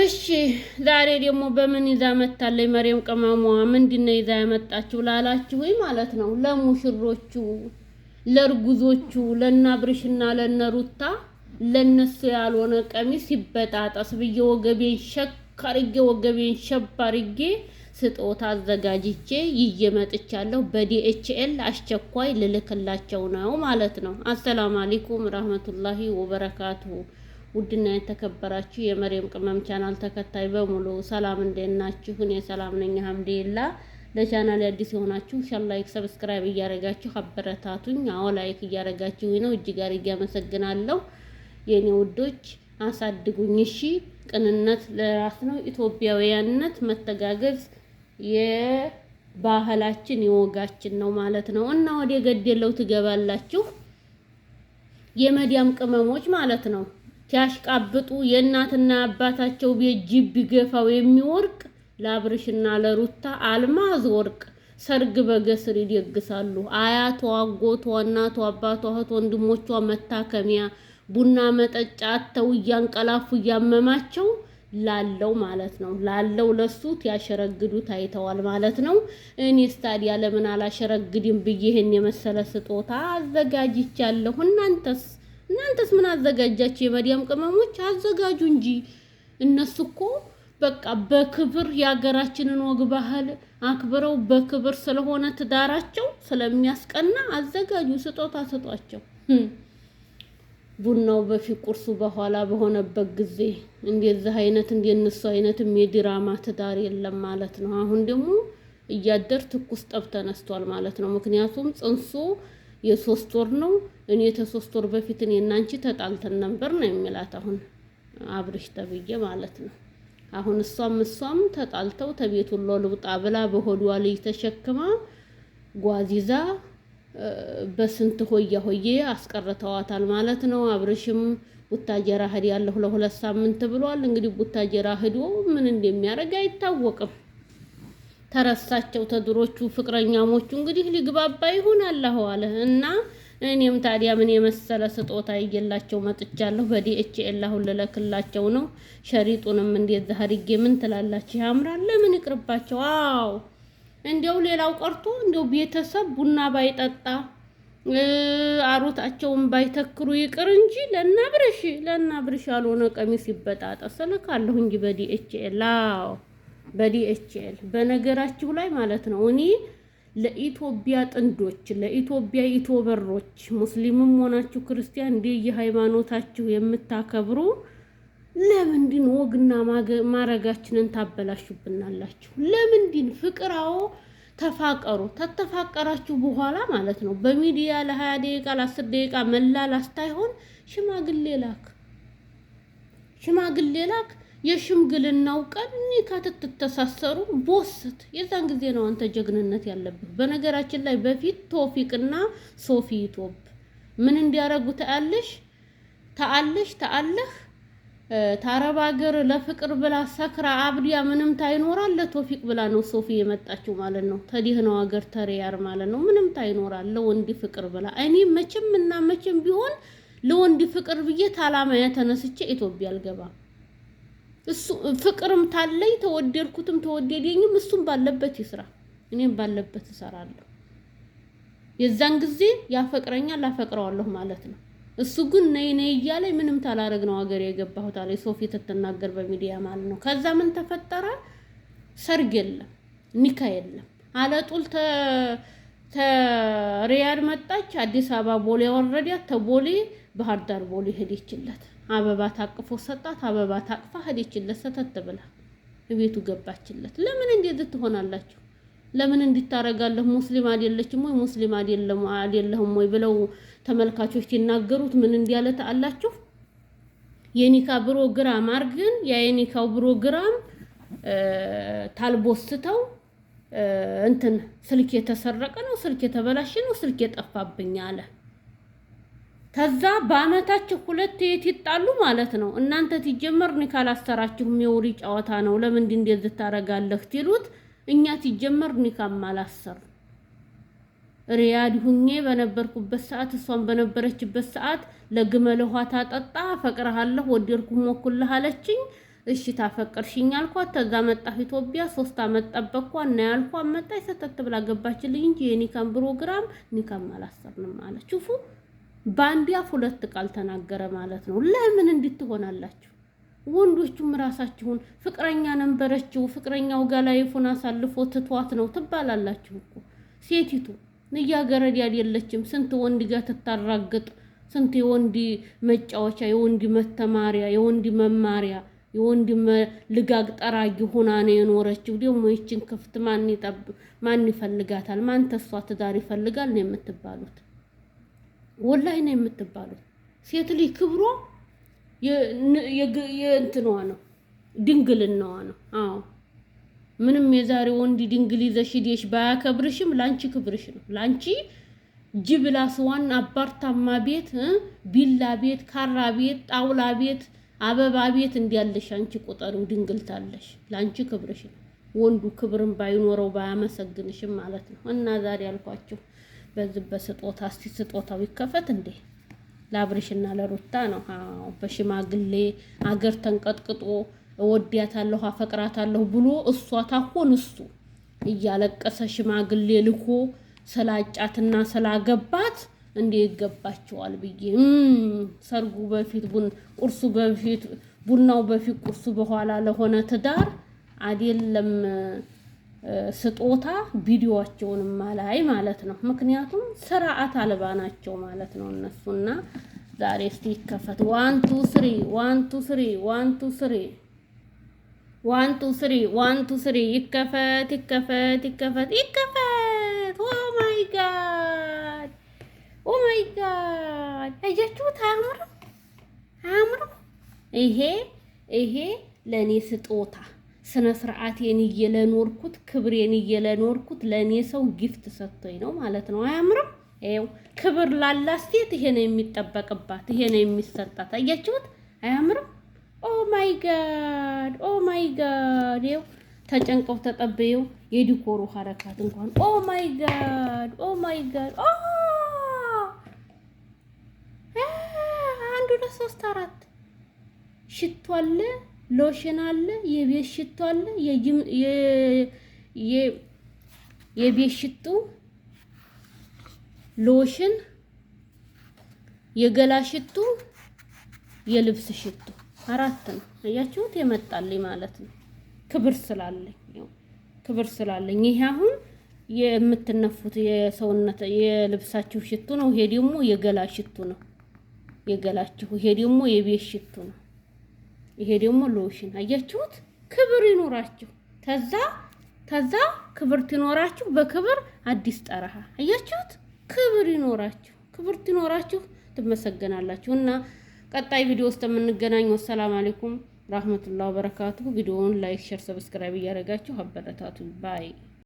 እሺ ዛሬ ደግሞ በምን ይዛ መታለች? መሬም ቅመሟ ምንድነው ይዛ ያመጣችው ላላችሁ ማለት ነው። ለሙሽሮቹ፣ ለእርጉዞቹ፣ ለናብርሽና ለነሩታ ለነሱ ያልሆነ ቀሚስ ይበጣጠስ ብዬ ወገቤን ሸክ አድርጌ ወገቤን ሸብ ስጦታ አዘጋጅቼ ይዤ መጥቻለሁ። በዲኤችኤል አስቸኳይ ልልክላቸው ነው ማለት ነው። አሰላሙ አለይኩም ረህመቱላሂ ወበረካቱሁ ውድና የተከበራችሁ የመሪም ቅመም ቻናል ተከታይ በሙሉ ሰላም እንደናችሁ። እኔ ሰላም ነኝ፣ አልሐምዱሊላ። ለቻናል አዲስ የሆናችሁ ሻል ላይክ፣ ሰብስክራይብ እያረጋችሁ አበረታቱኝ። አዎ ላይክ እያረጋችሁ ነው፣ እጅ ጋር እያመሰግናለሁ። የእኔ ውዶች አሳድጉኝ። እሺ፣ ቅንነት ለራስ ነው። ኢትዮጵያውያንነት መተጋገዝ የባህላችን የወጋችን ነው ማለት ነው እና ወደ ገደለው ትገባላችሁ የመዲያም ቅመሞች ማለት ነው። ሲያሽቃብጡ የእናትና አባታቸው ቤት ጅብ ቢገፋው የሚወርቅ ለአብርሽና ለሩታ አልማዝ ወርቅ ሰርግ በገስር ይደግሳሉ። አያቷ፣ አጎቷ፣ እናቷ፣ አባቷ፣ እህት ወንድሞቿ መታከሚያ ቡና መጠጫ አተው እያንቀላፉ እያመማቸው ላለው ማለት ነው ላለው ለሱ ያሸረግዱ ታይተዋል ማለት ነው። እኔ ታዲያ ለምን አላሸረግድም ብዬ ይህን የመሰለ ስጦታ አዘጋጅቻለሁ። እናንተስ እናንተስ ምን አዘጋጃችሁ? የመዲያም ቅመሞች አዘጋጁ እንጂ እነሱ እኮ በቃ በክብር የሀገራችንን ወግ ባህል አክብረው በክብር ስለሆነ ትዳራቸው ስለሚያስቀና አዘጋጁ፣ ስጦታ ስጧቸው። ቡናው በፊት ቁርሱ በኋላ በሆነበት ጊዜ እንደዚህ አይነት እንደነሱ አይነትም የድራማ ትዳር የለም ማለት ነው። አሁን ደግሞ እያደር ትኩስ ጠብ ተነስቷል ማለት ነው። ምክንያቱም ጽንሱ የሶስት ወር ነው። እኔ ተሶስት ወር በፊት እኔ እና አንቺ ተጣልተን ነበር ነው የሚላት አሁን አብርሽ ተብዬ ማለት ነው። አሁን እሷም እሷም ተጣልተው ተቤት ሁሉ ልውጣ ብላ በሆዷ ልጅ ተሸክማ ጓዚዛ በስንት ሆያ ሆዬ አስቀርተዋታል ማለት ነው። አብርሽም ቡታጀራ ሂድ ያለሁ ለሁለት ሳምንት ብሏል። እንግዲህ ቡታጀራ ሂዶ ምን እንደሚያደርግ አይታወቅም። ተረሳቸው ተድሮቹ ፍቅረኛሞቹ እንግዲህ ሊግባባ ይሁን ይሆን አላኋለ እና እኔም ታዲያ ምን የመሰለ ስጦታ ይዤላቸው መጥቻለሁ። በዲኤችኤል አሁን ልልክላቸው ነው። ሸሪጡንም እንዴት ዛህሪጌ ምን ትላላችሁ? ያምራል። ለምን ይቅርባቸው። አዎ እንዲያው ሌላው ቀርቶ እንዲያው ቤተሰብ ቡና ባይጠጣ አሮታቸውን ባይተክሩ ይቅር እንጂ ለና ብርሽ ለና ብርሽ ያልሆነ ቀሚስ ይበጣጠስ እልካለሁ እንጂ በዲኤችኤል አዎ በዲኤችኤል በነገራችሁ ላይ ማለት ነው እኔ ለኢትዮጵያ ጥንዶች ለኢትዮጵያ ኢትዮበሮች ሙስሊምም ሆናችሁ ክርስቲያን እንደ የሃይማኖታችሁ የምታከብሩ ለምንድን ወግና ማረጋችንን ታበላሹብናላችሁ? ለምንድን ፍቅራው ተፋቀሩ። ተተፋቀራችሁ በኋላ ማለት ነው በሚዲያ ለሀያ ደቂቃ ለአስር ደቂቃ መላላስ ታይሆን ሽማግሌ ላክ ሽማግሌ ላክ የሽምግልናው ቀን ካትተሳሰሩ ቦስት የዛን ጊዜ ነው አንተ ጀግንነት ያለብህ። በነገራችን ላይ በፊት ቶፊቅና ሶፊ ቶፕ ምን እንዲያረጉ ታያለሽ ታአለሽ ታአለህ ታረብ ሀገር ለፍቅር ብላ ሰክራ አብዲያ ምንም ታይኖራል። ለቶፊቅ ብላ ነው ሶፊ የመጣችው ማለት ነው። ተዲህ ነው ሀገር ተሪያር ማለት ነው። ምንም ታይኖራል ለወንድ ፍቅር ብላ። እኔ መቼም እና መቼም ቢሆን ለወንድ ፍቅር ብዬ ታላማ ተነስቼ ኢትዮጵያ አልገባም። እሱ ፍቅርም ታለኝ ተወደድኩትም ተወደደኝም እሱም ባለበት ይስራ፣ እኔም ባለበት እሰራለሁ። የዛን ጊዜ ያፈቅረኛል ላፈቅረዋለሁ ማለት ነው። እሱ ግን ነይ ነይ እያለ ምንም ታላረግ ነው ሀገር የገባሁት አለ ሶፊ ፊት በሚዲያ ማለት ነው። ከዛ ምን ተፈጠረ? ሰርግ የለም፣ ኒካ የለም፣ አለጡል ተሪያድ መጣች አዲስ አበባ ቦሌ ወረዳት። ተቦሌ ባህር ዳር ቦሌ ሄደችለት። አበባ ታቅፎ ሰጣት። አበባ ታቅፋ ሄደችለት። ሰተት ብላ እቤቱ ገባችለት። ለምን እንዴት ትሆናላችሁ? ለምን እንድታረጋለህ? ሙስሊም አይደለችም ወይ ሙስሊም አይደለም አይደለም ወይ ብለው ተመልካቾች ሲናገሩት ምን እንዲያለት አላችሁ? የኒካ ብሮግራም አርግን ያ የኒካው ብሮግራም ታልቦስተው እንትን ስልክ የተሰረቀ ነው፣ ስልክ የተበላሸ ነው፣ ስልክ የጠፋብኝ አለ። ከዛ በአመታችሁ ሁለት የት ይጣሉ ማለት ነው። እናንተ ትጀመር እኔ ካላሰራችሁም የውሪ ጨዋታ ነው፣ ለምንድን እንደዚህ ታደርጋለህ ትሉት፣ እኛ ትጀመር እኔ ካማላሰር ሪያድ ሁኜ በነበርኩበት ሰዓት እሷን በነበረችበት ሰዓት ለግመል ውሃ ታጠጣ፣ ፈቅረሃለሁ፣ ወደድኩ፣ ሞኩልህ አለችኝ። እሺ ታፈቅርሽኝ አልኳት። ተዛ መጣሁ ኢትዮጵያ ሶስት አመት ጠበቅኳ እና ያልኳ መጣች። ሰተት ብላ ገባችልኝ እንጂ የኒካም ፕሮግራም ኒካም አላሰርንም አለች። ፉ በአንድ አፍ ሁለት ቃል ተናገረ ማለት ነው። ለምን እንድትሆናላችሁ? ወንዶቹም ራሳችሁን ፍቅረኛ ነንበረችው ፍቅረኛው ጋር አሳልፎ ትቷት ነው ትባላላችሁ እኮ። ሴቲቱ ልጃገረድ ያደለችም ስንት ወንድ ጋር ትታራግጥ፣ ስንት የወንድ መጫወቻ፣ የወንድ መተማሪያ፣ የወንድ መማሪያ የወንድም ልጋግ ጠራጊ ሆና ነው የኖረችው። ደግሞ ይችን ክፍት ማን ይጠብ ማን ይፈልጋታል? ማን ተሷ ትዳር ይፈልጋል ነው የምትባሉት። ወላይ ነው የምትባሉት። ሴት ልጅ ክብሯ የእንትኗ ነው ድንግልናዋ ነው። አዎ ምንም የዛሬ ወንድ ድንግል ይዘሽ ሂደሽ ባያከብርሽም ላንቺ ክብርሽ ነው። ላንቺ ጅብላ አባርታማ ቤት፣ ቢላ ቤት፣ ካራ ቤት፣ ጣውላ ቤት አበባ ቤት እንዲያለሽ አንቺ ቁጠሪው ድንግልታለሽ ለአንቺ ክብርሽ ወንዱ ክብርን ባይኖረው ባያመሰግንሽም ማለት ነው። እና ዛሬ ያልኳችሁ በዚህ በስጦታ እስቲ ስጦታው ይከፈት እንዴ ለአብርሽና ለሩታ ነው። አዎ በሽማግሌ አገር ተንቀጥቅጦ እወዳታለሁ አፈቅራታለሁ ብሎ እሷ ታሆን እሱ እያለቀሰ ሽማግሌ ልኮ ስላጫትና ስላገባት እንዴ ይገባቸዋል ብዬ ሰርጉ በፊት ቁርሱ በፊት ቡናው በፊት ቁርሱ በኋላ ለሆነ ትዳር አይደለም ስጦታ ቪዲዮቸውንም ማላይ ማለት ነው። ምክንያቱም ስርዓት አልባ ናቸው ማለት ነው እነሱና ዛሬ እስቲ ይከፈት። ዋን ቱ ስሪ ዋን ቱ ስሪ ዋን ቱ ስሪ ዋን ቱ ስሪ ዋን ቱ ስሪ ይከፈት ይከፈት ይከፈት ይከፈት ይወዳል። አያችሁት? አያምርም? አያምርም? ይሄ ይሄ ለእኔ ስጦታ ስነ ስርዓቴን እየለኖርኩት ክብሬን እየለኖርኩት ለእኔ ሰው ጊፍት ሰጥቶኝ ነው ማለት ነው። አያምርም? ይኸው ክብር ላላት ሴት ይሄ ነው የሚጠበቅባት፣ ይሄ ነው የሚሰጣት። አያችሁት? አያምርም? ኦ ማይ ጋድ፣ ኦ ማይ ጋድ። ይኸው ተጨንቀው ተጠበየው የዲኮሩ ሀረካት እንኳን ኦ ማይ ጋድ፣ ኦ ማይ ጋድ ሁለት ሶስት አራት ሽቶ አለ፣ ሎሽን አለ፣ የቤት ሽቶ አለ፣ የቤት ሽቶ ሎሽን፣ የገላ ሽቶ፣ የልብስ ሽቶ አራት ነው። አያችሁት? የመጣልኝ ማለት ነው። ክብር ስላለኝ ክብር ስላለኝ ይሄ አሁን የምትነፉት የሰውነት የልብሳችሁ ሽቱ ነው። ይሄ ደግሞ የገላ ሽቱ ነው። የገላችሁ። ይሄ ደግሞ የቤት ሽቱ ነው። ይሄ ደግሞ ሎሽን። አያችሁት? ክብር ይኖራችሁ። ከዛ ከዛ ክብር ትኖራችሁ። በክብር አዲስ ጠረሃ አያችሁት? ክብር ይኖራችሁ፣ ክብር ትኖራችሁ፣ ትመሰገናላችሁ። እና ቀጣይ ቪዲዮ ውስጥ የምንገናኘው። አሰላም አለይኩም ራህመቱላህ በረካቱ። ቪዲዮውን ላይክ፣ ሼር፣ ሰብስክራይብ እያደረጋችሁ አበረታቱ ባይ